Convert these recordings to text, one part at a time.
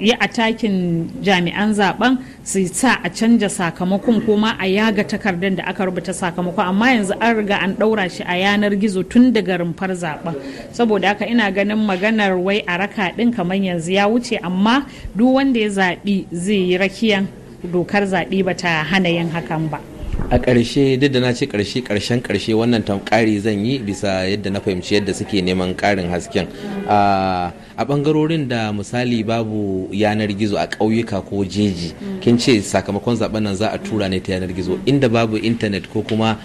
yi takin jami'an zaben su sa a canja sakamakon kuma a yaga takardar da aka rubuta sakamako amma yanzu an riga an ɗaura shi a yanar gizo tun daga rumfar zaben saboda haka ina ganin maganar wai a raka ɗin kamar yanzu ya wuce amma duk wanda ya zaɓi zai yi rakiyan dokar zaɓe ba ta hana yin hakan ba. a ƙarshe duk da na ce ƙarshe ƙarshen ƙarshe wannan tamƙari zan yi bisa yadda na fahimci yadda suke neman ƙarin hasken a ɓangarorin da misali babu yanar gizo a ƙauyuka ko jeji kin ce sakamakon zaɓen nan za a tura ne ta yanar gizo inda babu intanet ko kuma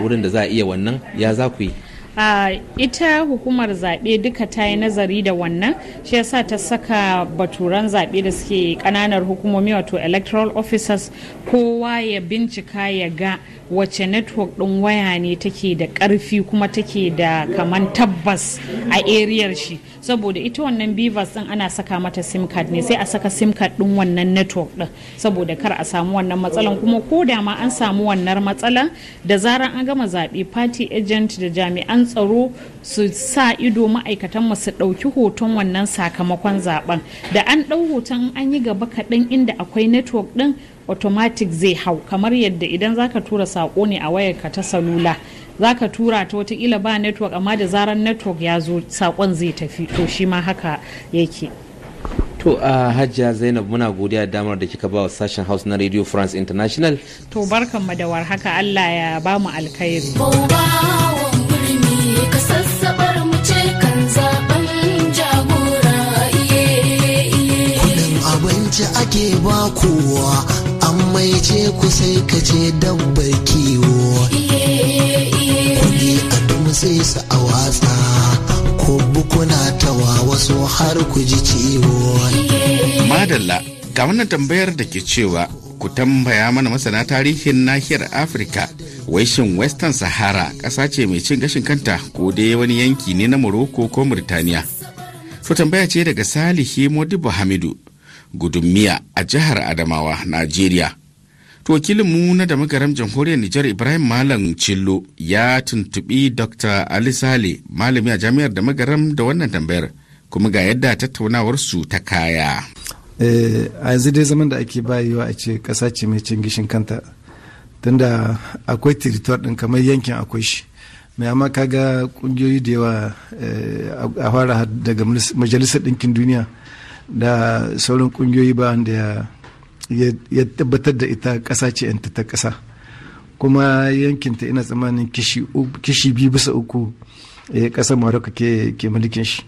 wurin da za a iya wannan ya za ku yi a ita hukumar zaɓe duka ta yi nazari da wannan shi yasa ta saka baturan zaɓe da suke ƙananar hukumomi wato electoral officers kowa ya bincika ya ga wacce network ɗin waya ne take da karfi kuma take da kaman tabbas a ariyar shi saboda ita wannan bivas ɗin ana saka mata sim card ne sai a saka sim card ɗin wannan network ɗin saboda kar a samu wannan matsalan kuma ko da ma an samu wannan matsalan da zaran an gama zaɓe party agent da jami'an tsaro su sa ido ma'aikatan mu su ɗauki hoton wannan sakamakon zaben da an ɗau hoton an yi gaba kaɗan inda akwai network ɗin automatic zai hau kamar yadda idan zaka tura saƙo ne a wayarka ta salula zaka tura ta watakila ba network amma da zarar network ya zo saƙon zai tafi to shi ma haka yake To a uh, Hajiya Zainab muna godiya damar da kika ba wa sashen House na Radio France International. To barkan ma da warhaka Allah ya ba mu alkhairi. abinci ake ba kowa mai ce ku sai ka ce dabbar kiwo kuɗi a sai su a watsa ko bukuna tawa wasu har ku ji ciwo madalla ga wannan tambayar da ke cewa ku tambaya mana masana tarihin nahiyar afirka wai shin western sahara ƙasa ce mai cin gashin kanta ko dai wani yanki ne na morocco ko murtaniya to tambaya ce daga salihi modibo hamidu gudummiya a jihar adamawa najeriya To wakilinmu na da magaram jamhuriyar Nijar Ibrahim Malam Cillo ya tuntubi Dr. Ali Sale malami a jami'ar da magaram da wannan tambayar kuma ga yadda tattaunawar su ta kaya. Eh, a yanzu dai zaman da ake bayewa a ce kasa ce mai cin gishin kanta tunda akwai tiritor din kamar yankin akwai shi mai amma kaga kungiyoyi da yawa eh, a fara daga majalisar ɗinkin duniya da sauran kungiyoyi ba wanda ya ya tabbatar da ita ƙasa ce yanta ta ƙasa kuma yankinta ina tsammanin kishi biyu bisa uku eh, ƙasa maroka ke mulkin shi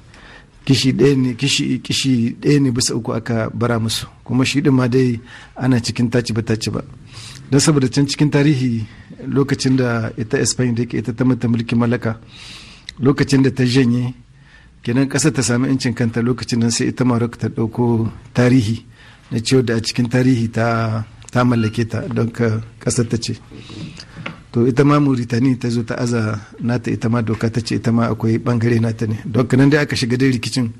kishi ɗaya ne kishi kishi ɗaya ne bisa uku aka bara musu kuma shi ɗin ma dai ana cikin taci ba taci ba don saboda can cikin tarihi lokacin da ita spain da ke ita ta mata mulkin malaka lokacin da ta janye kenan ƙasa ta sami 'yancin kanta lokacin nan sai ita maroka ta ɗauko tarihi na ciwo da a cikin tarihi ta ta mallake ta don ka kasar ta ce to ita ma muritani ta zo ta aza nata ita ma doka ta ce ita ma akwai bangare nata ne don nan dai aka shiga dai rikicin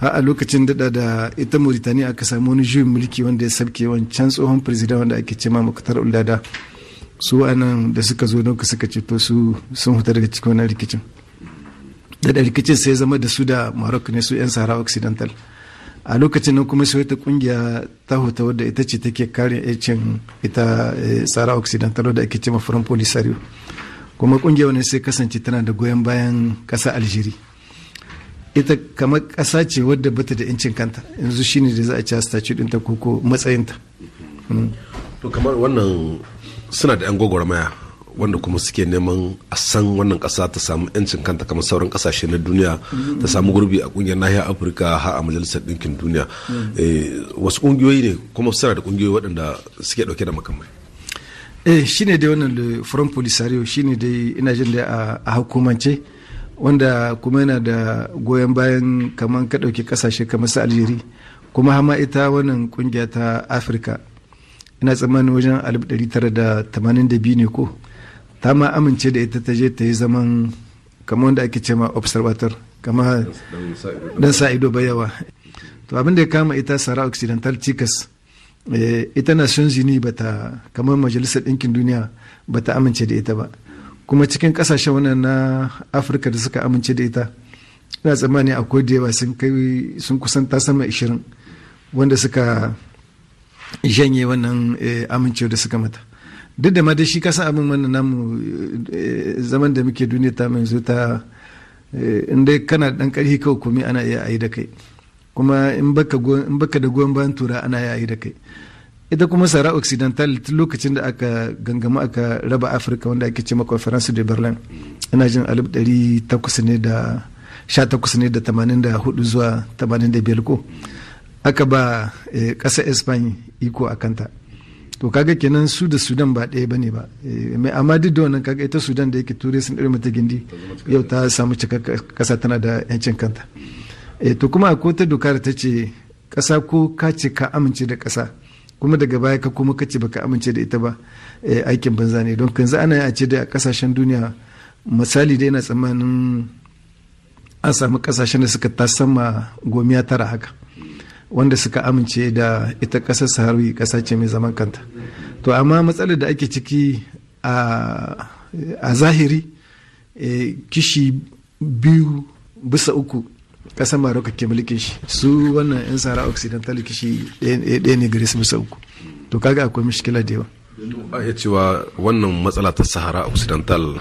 a lokacin dada da ita muritani aka samu wani juyin mulki wanda ya sabke wancan tsohon president wanda ake ce ma muktar ulada su anan da suka zo don suka ce to su sun huta daga cikin wannan rikicin da rikicin sai zama da su da Marok ne su yan sahara occidental a lokacin nan kuma sai wata kungiya ta hoto wadda ita ce take kare yancin ita tsara eh, occidental da ake cewa front polisario kuma kungiya ne sai kasance tana da goyon bayan kasa algeria ita kamar kasa ce wadda bata da yancin kanta yanzu shine da za a ci statue din ta koko matsayinta hmm. to kamar wannan suna da yan gogoro maya. wanda kuma suke neman a san wannan ƙasa ta samu 'yancin kanta kamar sauran ƙasashe na duniya ta samu gurbi a kungiyar nahiyar afirka har a majalisar ɗinkin duniya eh, wasu ƙungiyoyi ne kuma suna da ƙungiyoyi waɗanda suke ɗauke da makamai eh ne dai wannan le front polisario ne dai ina jin da a hukumance wanda kuma yana da goyon bayan kamar ka ɗauki ƙasashe kamar su aljeri kuma hama ita wannan kungiya ta afirka ina tsammanin wajen 1982 ne ko ta ma amince da ita ta je ta yi zaman kama wanda ake cema observator kama dan sa ido ba yawa to abin da ya kama ita sara occidental cikas eh, ita nations ba bata kama majalisar ɗinkin duniya ba ta amince da ita ba kuma cikin kasashen wannan na afirka da suka amince da ita ina tsammani akwai da yawa sun kai sun kusan ta sama 20 wanda suka janye wannan eh, amincewa da suka mata duk da ma dai shi kasa abin wannan namu eh, zaman da muke duniya ta mai ta eh, in dai kana dan karhi kawai kome ana iya ayi da kai kuma in baka da goyon bayan tura ana iya ayi da kai ita kuma sara occidental lokacin da aka gangama aka raba afirka wanda ake ce conference de berlin ina jin alif dari takwas ne da sha takwas ne da tamanin da hudu zuwa tamanin da biyar ko aka ba kasa eh, espanya iko a kanta to kaga kenan su da sudan ba ɗaya bane ba eh, mai amma duk da wannan kaga ita sudan da yake turai sun ɗaure mata gindi yau ta samu cika ƙasa tana da yancin kanta e to kuma akwai ta da ta ce ƙasa ko ka ce ka amince da ƙasa kuma daga baya ka kuma kace baka amince da ita ba eh, aikin banza ne don kanzu ana a ce da kasashen duniya misali da yana tsammanin an samu kasashen da suka ta sama gomiya tara haka wanda suka amince da ita ƙasar sahari ƙasa ce mai zaman kanta to amma matsalar da ake ciki a zahiri eh, kishi biyu bisa uku ƙasar maroka ke mulkin shi su wannan 'yan sahara occidental kishi ɗaya ne gare su bisa uku to kaga akwai mishkila da yawa a iya cewa wannan matsala ta sahara occidental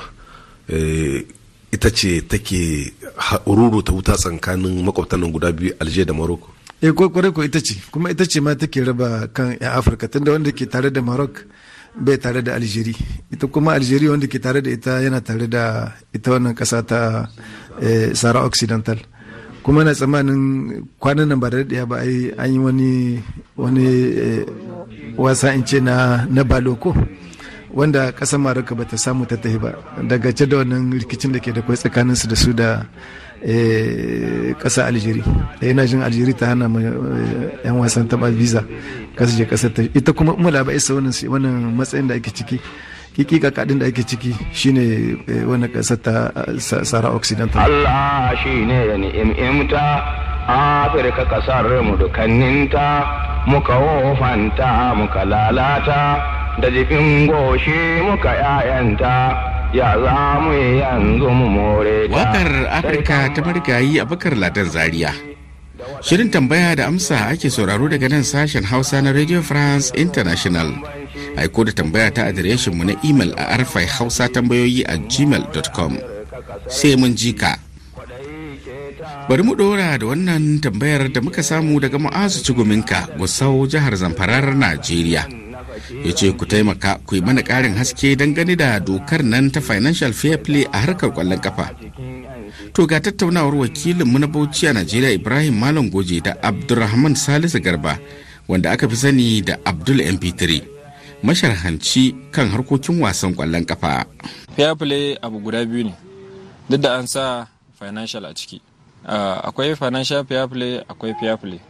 eh, ita ce take ruru ta wuta tsakanin makwabtan guda biyu alje da maroko e kwarai ko ita ce kuma ita ce ma take raba kan yan afirka tunda wanda ke tare da maroc bai tare da algeri ita kuma algeri wanda ke tare da ita yana tare da ita wannan kasa ta eh, sahara occidental kuma na tsammanin kwanan nan ba da daya ba an yi wani eh, wasa in ce na baloko wanda kasar maroka ba ta samu ta tafi ba daga da wannan rikicin da ke da kwai tsakaninsu da su da ƙasar eh, aljiri da yana jin aljiri ta hana ma eh, yan wasan taɓa visa kasu je kasar ta ita kuma umar ba isa wannan matsayin da ake ciki hakika kadin da ake ciki shine eh, wannan kasar ta sara occidental Allah shine ya ta afirka kasar mu dukanninta muka wofanta muka lalata da jikin goshi muka ‘ya'yanta ya za mu yi yanzu mu more ta. Wakar Afirka ta marigayi a bakar Ladan Zaria. Shirin tambaya da amsa ake sauraro daga nan sashen Hausa na Radio France International. Aiko da tambaya ta mu na imel a arfai hausa tambayoyi a gmail.com. Sai mun ji ka. Bari mu ɗora da wannan tambayar da muka samu daga ma'azu ciguminka gusau jihar Zamfarar Najeriya. ya ce ku taimaka ku yi mana ƙarin haske dangane da dokar nan ta financial fair play a harkar kwallon kafa to ga tattaunawar wakilinmu na bauchi a najeriya ibrahim malam goje da abdulrahman salisu garba wanda aka fi sani da abdul mp3 masharhanci kan harkokin wasan kwallon kafa fair play abu guda biyu ne duk da an sa financial a ciki ah, akwai financial fair play akwai fair play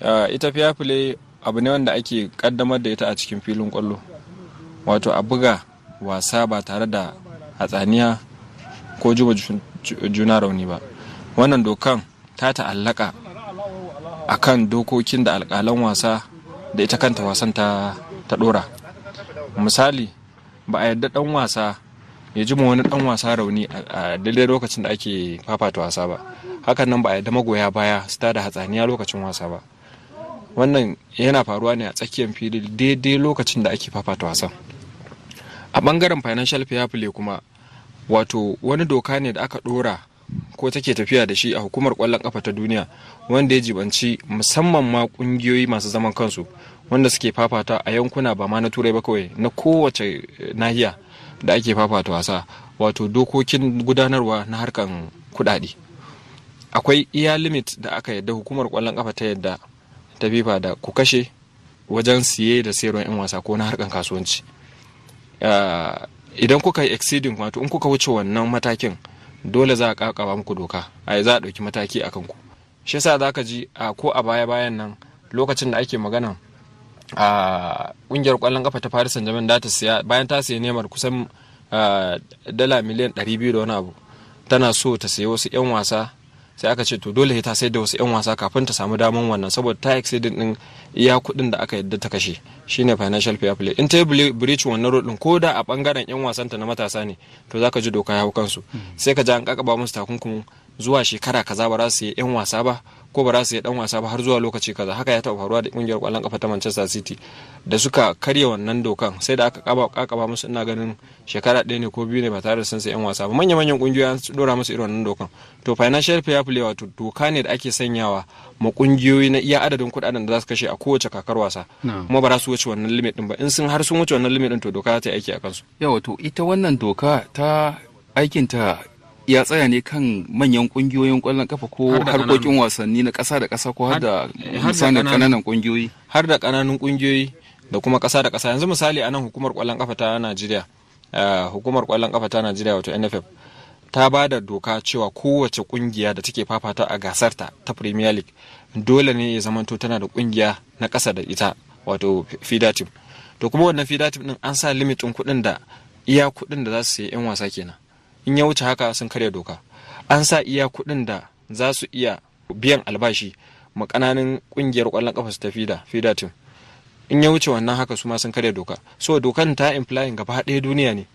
ah, ita fair play abu ne wanda ake kaddamar da ita a cikin filin kwallo wato a buga wasa ba tare da hatsaniya ko juba juna rauni ba wannan dokan ta ta'allaka a kan dokokin da alkalan wasa da ita kanta wasan ta dora misali ba a yarda dan wasa ya ji wani dan wasa rauni a daidai lokacin da ake fafata wasa ba hakan nan ba a yarda magoya baya su da hatsaniya lokacin wasa ba wannan yana faruwa ne a tsakiyar fili daidai lokacin da ake fafata wasan a bangaren financial fair play kuma wato wani doka ne da aka dora ko take tafiya da shi a hukumar kwallon kafa ta duniya wanda ya jibanci musamman ma kungiyoyi masu zaman kansu wanda suke fafata a yankuna ba ma na turai ba kawai na kowace nahiya da ake fafata wasa wato dokokin gudanarwa na harkan kudade akwai iya limit da aka yadda hukumar kwallon kafa ta yadda ta fifa da ku kashe wajen siye da sayarwar 'yan wasa ko na harkar kasuwanci ah, idan kuka yi exceeding wato in kuka wuce wannan matakin dole za a kakaba muku doka a za a ɗauki mataki a kanku shi yasa za ka ji a ko a baya bayan nan lokacin da ake magana a ƙungiyar ƙwallon kafa ta paris saint germain ta siya bayan ta siya neman kusan dala miliyan 200 da wani abu tana so ta siya wasu 'yan wasa sai aka ce to dole ta sai da wasu 'yan wasa kafin ta samu daman wannan saboda ta exceeding din iya kudin da aka yadda ta kashe shine financial fair play in ta yi breach wannan rodin ko da a bangaren 'yan wasanta na matasa ne to za ka ji doka ya hau kansu hmm. sai ka ji an kakaba musu takunkun zuwa shekara kaza ba za su yi 'yan wasa ba ko ba za su yi dan wasa ba har zuwa lokaci kaza haka ya taɓa faruwa da kungiyar kwallon kafa ta Manchester City da suka karya wannan dokan sai da aka kaba kakaba musu ina ganin shekara ɗaya ne ko biyu ne ba tare da sun sai yan wasa ba manya manyan kungiyoyi su dora musu irin wannan dokan to financial fair play wato doka ne da ake sanyawa ma kungiyoyi na iya adadin kuɗaɗen da za su kashe a kowace kakar wasa kuma ba za su wuce wannan limit din ba in sun har sun wuce wannan limit din to doka ta yi aiki a kansu yawa to ita wannan doka ta aikinta ya tsaya ne kan manyan kungiyoyin kwallon kafa ko harkokin wasanni na ƙasa da ƙasa ko har da misalin ƙananan kungiyoyi har da ƙananan kungiyoyi da kuma ƙasa da ƙasa yanzu misali anan hukumar kwallon kafa ta Najeriya eh, hukumar kwallon kafa ta Najeriya wato NFF ta ba da doka cewa kowace kungiya da take fafata a gasar ta ta Premier League dole ne ya zamanto tana da kungiya na ƙasa da ita wato FIDA team to kuma wannan FIDA team din an sa limitin kuɗin da iya kuɗin da za su yi 'yan wasa kenan in ya wuce haka sun karya doka an sa iya kuɗin da za su iya biyan albashi ma ƙananan ƙungiyar ƙwallon ƙafa su tafi da fida team in ya wuce wannan haka su ma sun karya doka so dokan ta implying gaba ɗaya duniya ne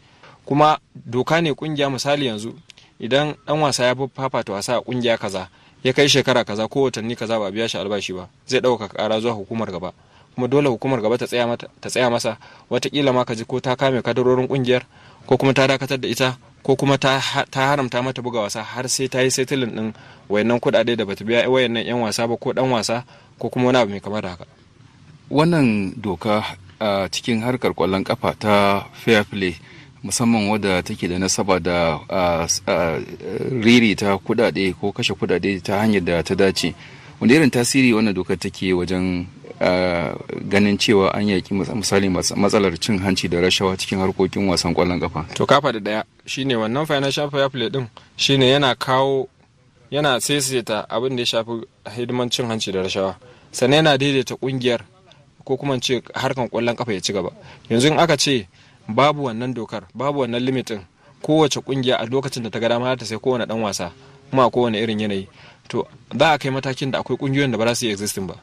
kuma doka ne ƙungiya misali yanzu idan ɗan wasa ya fafata wasa a ƙungiya kaza ya kai shekara kaza ko watanni kaza ba biya shi albashi ba zai ɗauka ƙara zuwa hukumar gaba kuma dole hukumar gaba ta tsaya masa watakila ma ka ji ko ta kame kadarorin ƙungiyar ko kuma ta dakatar da ita ko kuma ta haramta mata buga wasa har sai ta yi setilin din wayannan kudade da bata biya wayannan yan wasa ba ko dan wasa ko kuma wani abu mai kamar da haka wannan doka a cikin harkar kwallon kafa ta fair play musamman wadda take da nasaba da riri ta kudade ko kashe kudade ta hanyar da ta dace wanda irin tasiri wannan dokar take wajen ganin cewa an yaki misali matsalar cin hanci da rashawa cikin harkokin wasan kwallon kafa to kafa da daya shine wannan financial fair play din shine yana kawo yana saisaita abin da ya shafi hidiman cin hanci da rashawa sannan yana daidaita kungiyar ko kuma ce harkan kwallon kafa ya ci gaba yanzu in aka ce babu wannan dokar babu wannan limitin kowace kungiya a lokacin da ta ga dama ta sai kowane dan wasa kuma a kowane irin yanayi to za a kai matakin da akwai kungiyoyin da ba za su yi existing ba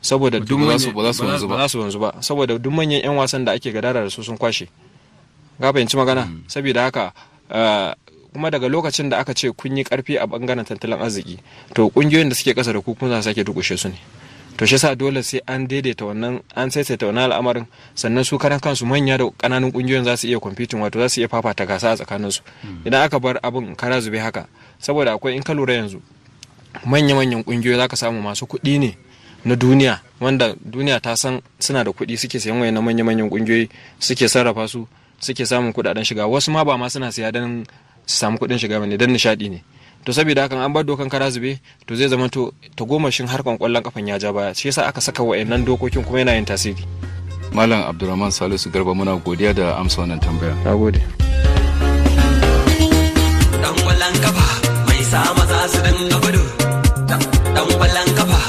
saboda duk ba saboda duk yan wasan da ake gadara da su sun kwashe ga fahimci magana mm. saboda haka eh, kuma daga lokacin da aka ce kun yi karfi a bangaren tattalin arziki to kungiyoyin da suke kasa da ku kun sake dukushe su ne to shi sa dole sai an daidaita wannan an saisaita wannan al'amarin sannan su karan kansu manya da kananan kungiyoyin za su iya kwamfitin wato za su iya fafata gasa a tsakanin su mm. idan aka bar abin kara zube haka saboda akwai in ka lura yanzu manya manyan kungiyoyi za ka samu masu kuɗi ne na duniya wanda duniya ta san suna da kuɗi suke sayan wayan manya-manyan ƙungiyoyi suke sarrafa su suke samun kuɗaɗen shiga wasu ma ba ma suna siya don su samu kuɗin shiga ne don nishaɗi ne to saboda hakan an bar dokan kara zube to zai zama to tagomashin harkan kwallon kafan ya ja baya shi yasa aka saka wayannan dokokin kuma yana yin tasiri malam abdulrahman salisu garba muna godiya da amsa wannan tambaya na gode dan kwallon kafa mai sa maza su dinga gudu dan kwallon kafa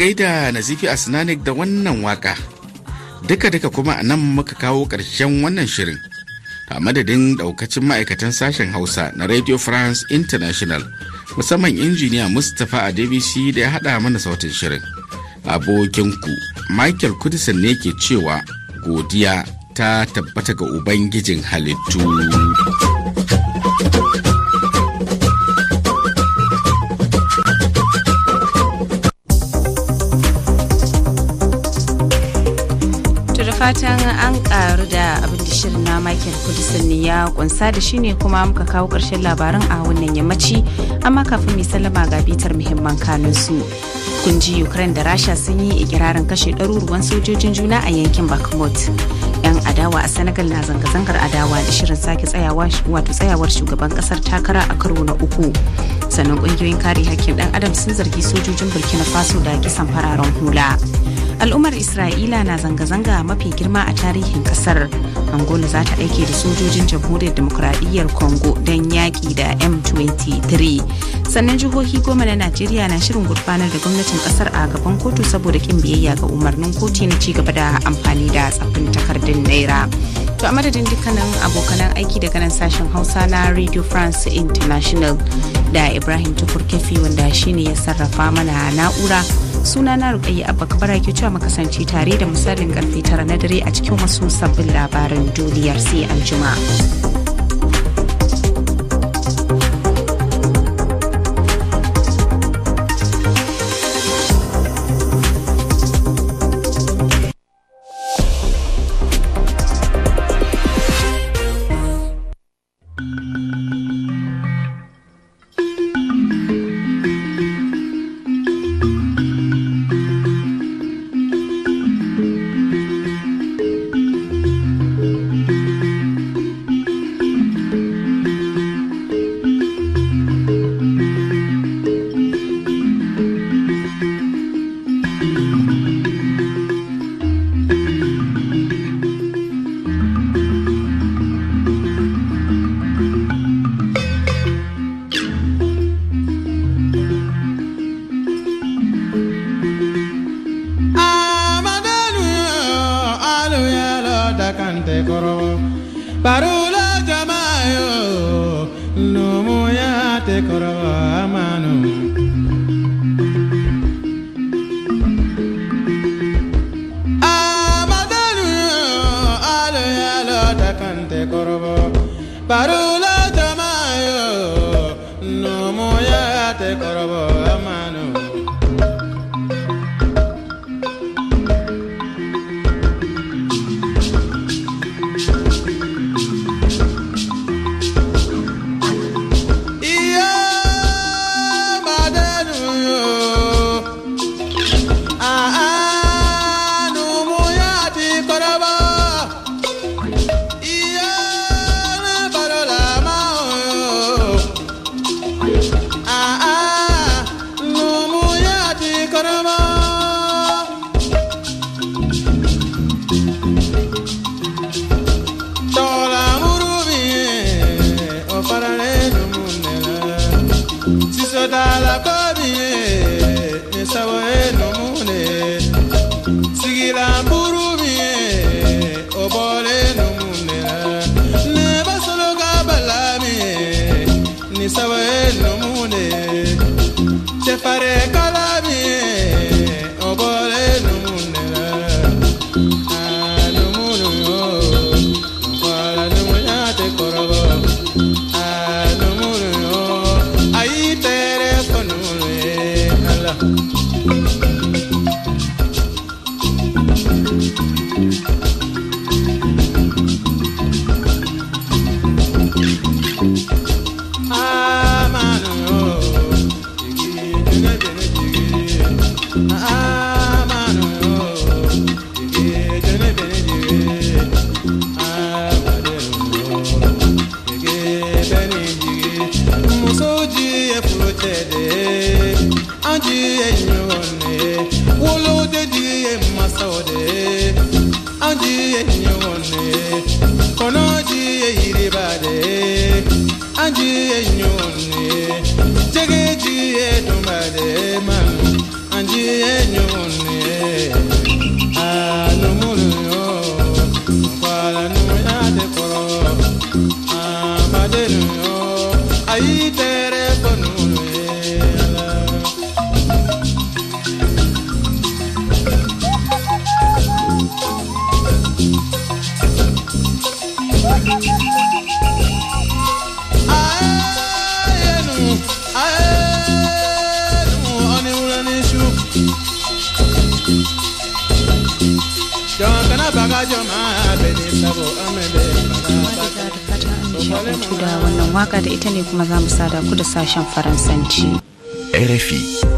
gaida Nazifi Asnanik da wannan waka. Duka-duka kuma a nan muka kawo ƙarshen wannan shirin. A madadin ɗaukacin ma'aikatan sashen Hausa na Radio France International, musamman injiniya Mustapha a dbc da ya haɗa mana sautin shirin. Abokinku, Michael Kudisan ne ke cewa godiya ta tabbata ga Ubangijin halittu. fatan an karu da abin da shirin na Michael Kudisin ya kunsa da shi ne kuma muka kawo ƙarshen labarin a wannan yammaci amma kafin mai sallama ga bitar muhimman kanun su. Kun ji Ukraine da Rasha sun yi ikirarin kashe ɗaruruwan sojojin juna a yankin Bakhmut. 'Yan adawa a senegal na zanga-zangar adawa da shirin sake tsayawa wato tsayawar shugaban kasar takara a karo na uku sannan kungiyoyin kare hakkin dan adam sun zargi sojojin burkina faso da kisan fararen hula al'ummar isra'ila na zanga-zanga mafi girma a tarihin kasar angola za ta aike da sojojin jamhuriyar demokuraɗiyyar congo don yaƙi da m23 sannan jihohi goma na najeriya na shirin gurfanar da gwamnatin kasar a gaban kotu saboda kin biyayya ga umarnin kotu na ci gaba da amfani da tsaffin takardun ne. Humaira. To a madadin dukkanin abokanan aiki daga nan sashen Hausa na Radio France International da Ibrahim Tukur Kefi wanda shine ya sarrafa mana na'ura. Suna na Rukayya Abba Kabara ke cewa makasance tare da misalin karfe tara na dare a cikin wasu sabbin labarin duniyar sai anjima. sawa elomune te faré madero, ahí te ku da wannan waka da ita ne kuma za mu sada ku da sashen faransanci. RFI